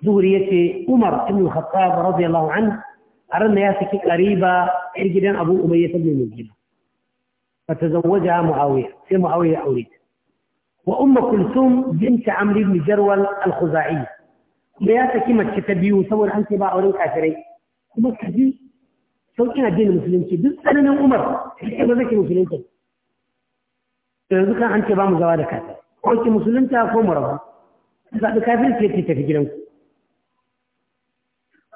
ذورية عمر بن الخطاب رضي الله عنه أرن ياسك قريبا إرجدا أبو أمية بن مجيبا فتزوجها معاوية في معاوية أريد وأم كلثوم بنت عمر بن جرول الخزاعي بياتك ما تتبيه وصور عن سبع أوريد عشرين ثم تحدي سوى كنا دين المسلمين بس أنا من عمر إحنا ذاك المسلمين ذكر عن سبع مزوادة كافر قلت مسلمين تأخو مرضا بعد كافر كيف تتفجرون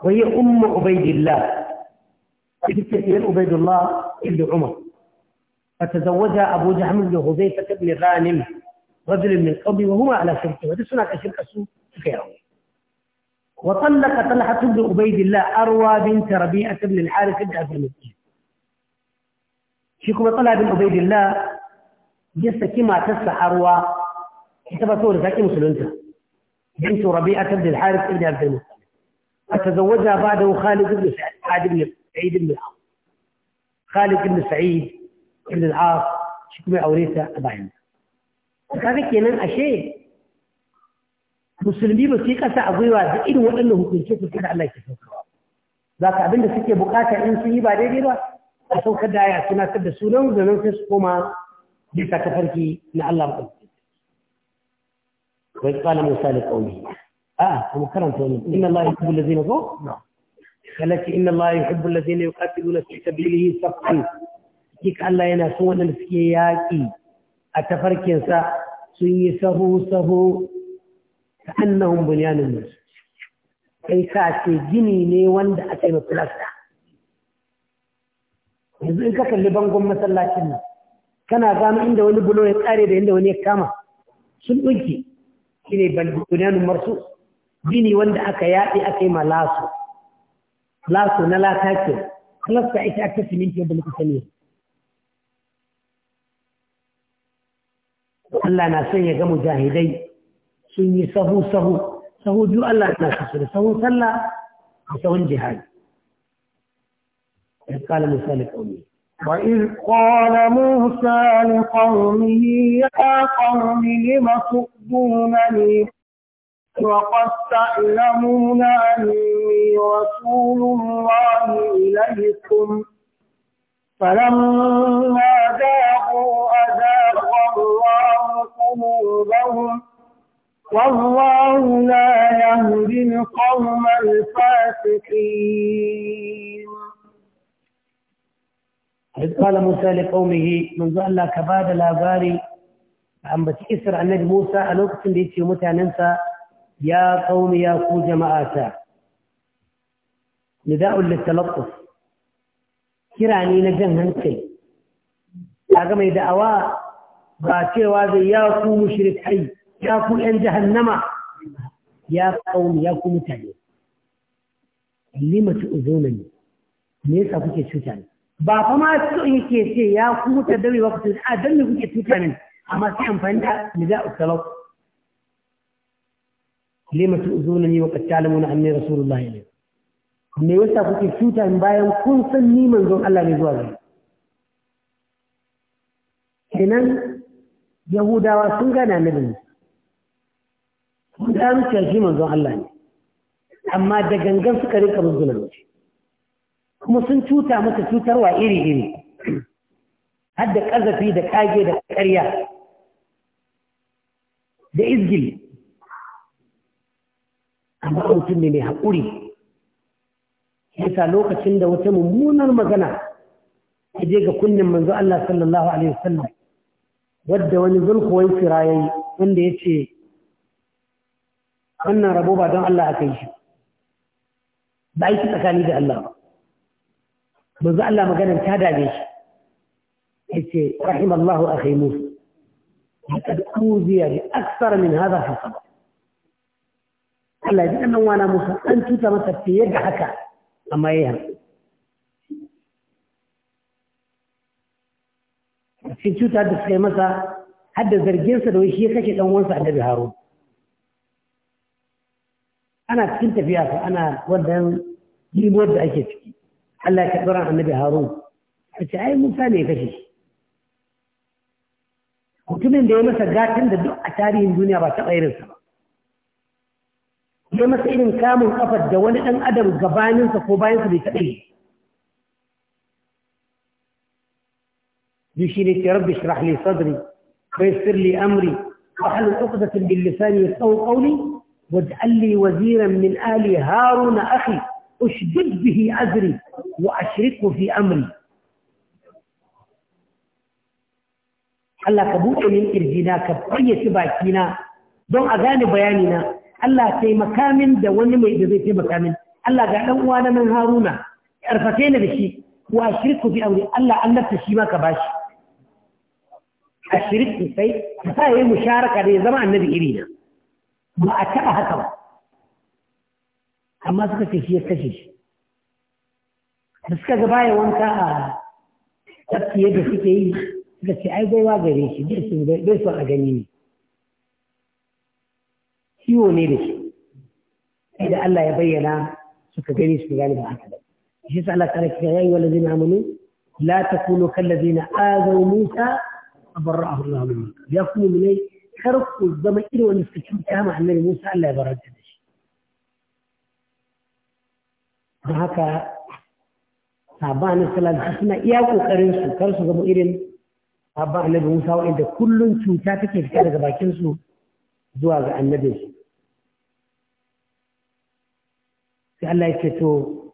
وهي أم عبيد الله بنت عبيد الله بن عمر فتزوجها أبو جهم بن هذيفة بن غانم رجل من قومه وهما على شركه وده سنة شركة سوء خيره وطلق طلحة بن عبيد الله أروى بنت ربيعة بن الحارث بن عبد المدين شيكم طلحة بن عبيد الله جس كما تسع أروى كتبته لفاكي مسلمتها بنت ربيعة بن الحارث بن عبد المدين فتزوجها بعده خالد بن سعيد بن سعيد بن العاص خالد بن سعيد بن العاص شكما أوريتها أبعين kaga kenan ashe musulmi ba su yi ƙasa a gwiwa da irin waɗannan hukunce su da Allah ke saukarwa za ka abinda suke bukata in sun yi ba daidai ba a saukar da aya tunatar da sunan da nan sai su koma bisa tafarki na Allah ba وإذ قال موسى لقومه آه ومكرم إن الله يحب الذين هو قالت إن الله يحب الذين يقاتلون في سبيله الله أتفرك ينسى سهو سهو كأنهم بنيان kai ka ce gini ne wanda aka ma yanzu in ka kalli bangon masallacin nan kana gano inda wani bulo ya tsare da inda wani ya kama sun ɗunki shi ne balbunanun marsu gini wanda aka yaɗe aka yi ma laso laso na lata ke halasta ita aka siminti yadda muka sani Allah na son ya ga mujahidai sun yi sahu sahu sahu biyu Allah na su da sahun sallah da sahun jihadi قال موسى لقومه وَإِذْ قَالَ مُوسَى لِقَوْمِهِ يَا قَوْمِ لِمَ تُؤْذُونَنِي وقد تعلمون أني رسول الله إليكم فلما ذاقوا أذاق الله قلوبهم والله لا يهدي القوم الفاسقين إذ قال موسى لقومه من ذا لا كباد لا باري عم بتكسر عن النبي موسى ألوكت اللي يتي ننسى يا قوم يا كو جماعة نداء للتلطف كراني نجن هنكي أقام دعوة باتي وادي يا مشرك حي يا كو أن جهنم يا قوم يا كو متعلي لما تؤذونني ليس كوكي تشوتاني ba ما ma كيسي يا ya ku وقت dare ba ku a dan kuke tuta nan amma lima tu'zunani wa qad ta'lamuna anni rasulullahi ilaykum me yasa kuke cuta in bayan kun san ni manzon Allah ne zuwa gare kenan yahudawa sun gana ni annabin sun an cewa shi manzon Allah ne amma da gangan suka rika musguna mace kuma sun cuta masa cutarwa iri-iri har da ƙazafi da ƙage da ƙarya da izgili amma mutum ne mai haƙuri yasa lokacin da wata mummunar magana ta je ga kunnen manzo Allah sallallahu alaihi wasallam wadda wani zulkuwai sira wanda wanda yace wannan rabo ba don Allah aka yi shi ba yi tsakani da Allah ba manzo Allah maganar ta dame shi Ya ce rahimallahu akhi musa لقد أوذي aksara min هذا فقط Allah ji ɗan wana Musa an cuta masa fiye da haka amma ya yi tuta cuta da suka masa har da zarginsa da shi ya kashe ɗan wansa annabi Harun. Ana cikin tafiya ko ana wannan limuwar da ake ciki. Allah ya karɓi annabi Harun. a ce ai Musa ne ya kashe Mutumin da ya masa gatin da duk a tarihin duniya ba taɓa irinsa ba. ya masa irin kamun kafar da wani ɗan adam gabaninsa ko bayansa bai kaɗai bi shi ne ke rabbi shirah li sadri bai sirli amri wa halin uqdatin bil lisani yasau qawli waj'al li waziran min ali haruna akhi ushdid bihi azri wa ashrikhu fi amri Allah ka buɗe min kirjina ka fayyace bakina don a gane bayanina Allah taimaka makamin da wani mai da zai taimaka min Allah ga dan uwa na nan Haruna arfate ni da shi wa shirku fi amri Allah an lafta shi ma ka bashi shirku sai ka sa yayi musharaka da ya zama annabi iri na ba a taɓa haka ba amma suka ce shi ya kashe shi da suka gaba ya wanka a tafiye da suke yi suka ce ai baiwa gare shi bai son a gani ne ciwo ne da shi sai da Allah ya bayyana suka gani su gani ba haka ba shi sa Allah kare kika yayi wala zina amanu la takunu kal ladina azaw Musa abarrahu Allah min ya kuma ne kar ku zama irin wani suka cuta ma annabi Musa Allah ya baraka da shi don haka sabanin salatu suna iya kokarin su kar su zama irin sabon annabi Musa wanda kullun cuta take fita daga bakin su zuwa ga annabinsu sai Allah ya ce to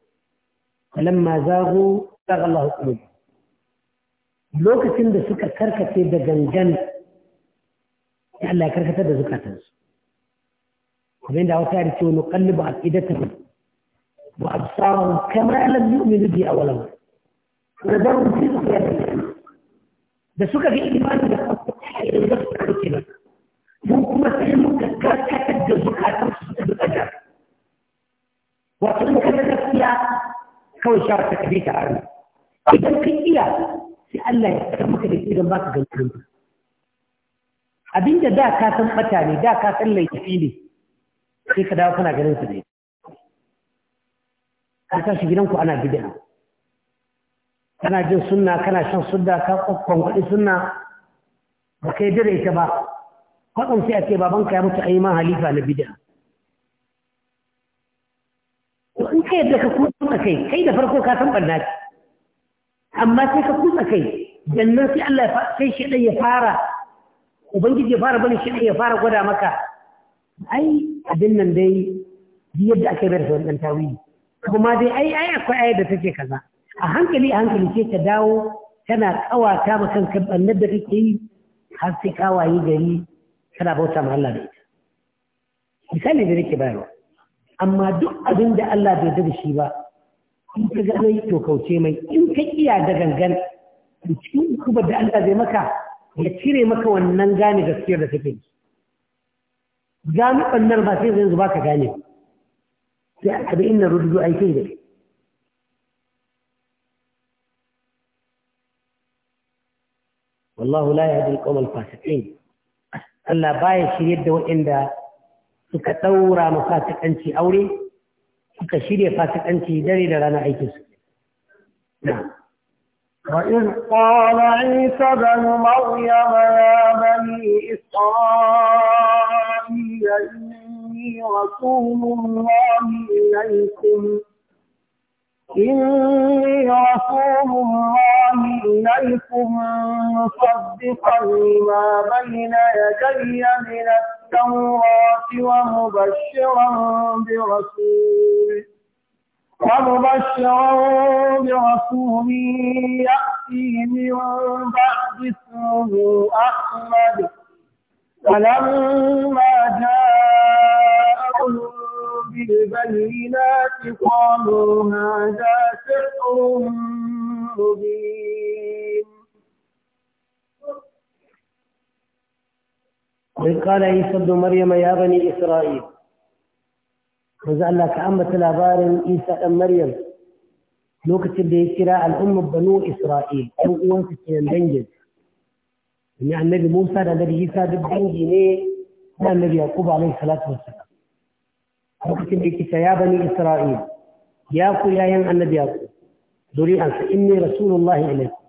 falamma zagu zaga Allah qulub lokacin da suka karkace da gangan sai Allah ya karkatar da zukatansu kamar da wata ya ce wani kalli ba aqidatahum wa absarahum kama lam yu'minu bi awwalam wa daru fi qiyamihim da suka ga imani da Allah ya karkace da mun kuma sai muka karkatar da zukatansu da zukatansu wato in ka gaskiya kawai shawar ta kaje ta aro idan ka iya sai Allah ya san maka da idan baka ganin ka abinda da ka san bata ne da ka san laifi ne sai ka dawo kana ganin su ne ka tashi gidanku ana bid'a kana jin sunna kana shan sunna ka kokon kudi sunna ba kai dare ta ba kwatsam sai a ce babanka ya mutu a yi ma halifa na bid'a ka yadda ka kutsa kai kai da farko ka san barna amma sai ka kutsa kai jannan sai Allah sai ya fara ubangiji ya fara bane shi ya fara gwada maka ai abin nan dai yadda aka bar da wannan tawili kuma dai ai ai akwai ayar da take kaza a hankali a hankali sai ka dawo tana kawata ma kanka bannar da kake yi har sai kawaye gari kana bauta ma Allah da ita misali da nake bayarwa amma duk abin da Allah bai da shi ba in ka ga mai to kauce mai in ka iya da gangan to cikin hukumar da Allah zai maka ya cire maka wannan gane gaskiyar da kake yi gano ɓannar ba sai yanzu ba ka gane sai a bi inna rudu kai da wallahu la yahdi al-qawm al Allah baya shiryar da waɗanda suka ɗaura ma fasikanci aure suka shirya fasikanci dare da rana aikinsu وإذ قال عيسى بن مريم يا بني إسرائيل إني رسول الله إليكم إني رسول الله إليكم مصدقا لما بين يدي من التوراة ومبشرا برسول ومبشرا برسول يأتي من بعد اسمه أحمد فلما جاء بالبينات قالوا هذا سحر مبين وإذ قال عيسى ابن مريم يا بني إسرائيل وزعل لك أمة الأبار عيسى أم مريم لوكة اللي كرا الأم بنو إسرائيل أو أم كتير دنجل يعني النبي موسى النبي عيسى بالدنجي ne na annabi yaqub alaihi salatu lokacin da yake ya bani isra'il ya ku yayan annabi ya ku zuri'ansa inni rasulullahi ilaikum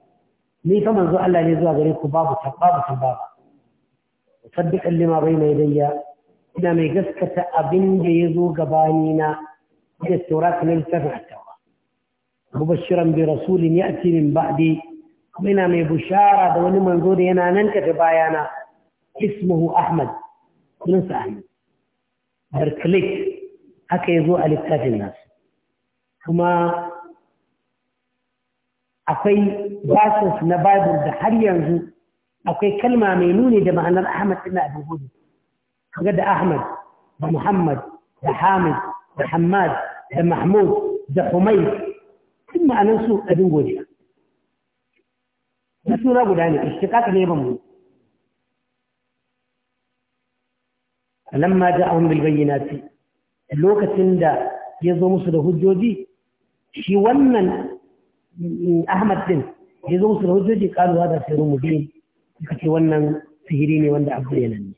ni fa manzo Allah ne zuwa gare ku babu babu tambaba musaddiqan lima bayna yadayya ina mai gaskata abin da zo gabani na da taurat ne littafin at-tawrat mubashiran bi rasulin ya'ti min ba'di kuma ina mai bushara da wani manzo da yana nan tafi bayana ismuhu ahmad sunansa ahmad barclay حكي يضوء الافتاد الناس ثم أقول باسس نباد الدحر ينزو أقول كلمة مينوني دم أن رحمة الله أبو هود قد أحمد دا محمد دا حامد دا حماد دا محمود دا حميد ثم أنسو أبو هود نسو رابو داني اشتقاك ليه بمون لما جاءهم بالبينات lokacin da ya zo musu da hujjoji shi wannan mm, Ahmad din ya zo musu da hujjoji kalu hada sirrun mubin suka ce wannan sihiri ne wanda abu nan ne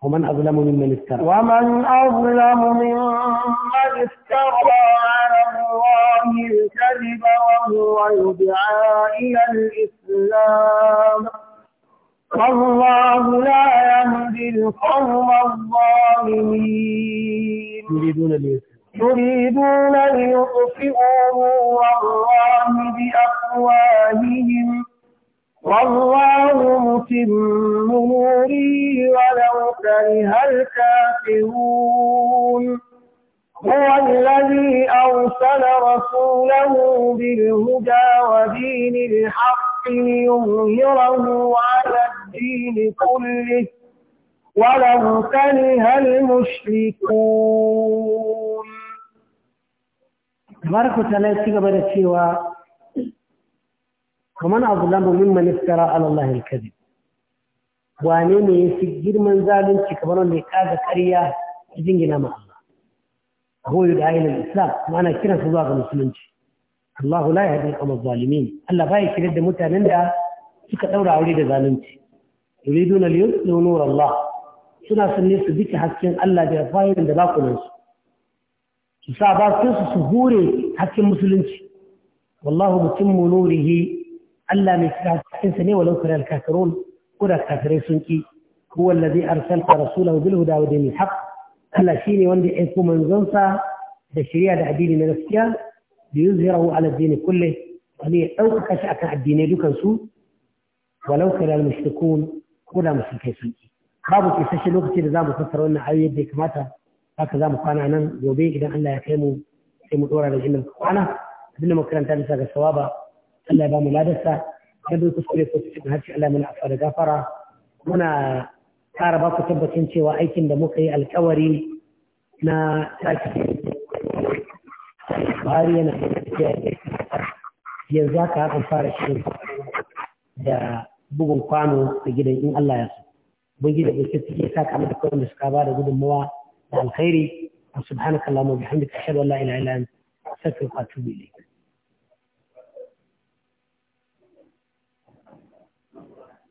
ومن أظلم ممن افترى ومن أظلم ممن افترى على الله الكذب وهو يدعى إلى الإسلام والله لا يهدي القوم الظالمين يريدون يريدون ليطفئوا نور الله بأفواههم والله متم نوره ولو كره الكافرون هو الذي أرسل رسوله بالهدى ودين الحق ليظهره على الدين كله ولو كره المشركون تبارك وتعالى تقبل السوى ومن أظلم ممن افترى على الله الكذب وأنني في ya fi girman zalunci kamar wanda ya kaga هو يدعى إلى الإسلام وأنا كنا سباق المسلمين الله لا يهدي القوم الظالمين الله باي كرد متى من ده suka ɗaura aure da zalunci yuriduna li yuslu nur Allah suna son ne su biki hasken Allah da fa'idan da bakunan su su sa ba su su hure hasken musulunci wallahu mutimmu nurihi Allah mai cika hasken sa ne walau kana al-kafirun ko da kafirai sun ki huwa alladhi arsalta rasulahu bil huda wa Allah ne wanda ya aiko zonsa da shari'a da addini na gaskiya da yuzhirahu ala dini kulle wani ya ɗaukaka shi akan addinai dukansu walau kare al-mushrikun ko da mushrikai sun ki babu isasshen lokaci da zamu fassara wannan ayoyi yadda ya kamata haka zamu kwana nan gobe idan Allah ya kai mu sai mu ɗora da ilmin kwana abinda makaranta bisa ga sawaba Allah ya ba mu ladarsa kada ku kuskure ko cikin harshe Allah mana afa da gafara muna kara ba ku tabbacin cewa aikin da muka yi alkawari na taki bari yana yanzu haka an fara shirin da bugun kwano a gidan in Allah ya so bugi da gaske suke sa kama da kawai da suka ba da gudunmawa da alkhairi subhanakallahumma bihamdika ashhadu an la ilaha illa anta astaghfiruka wa atubu ilayk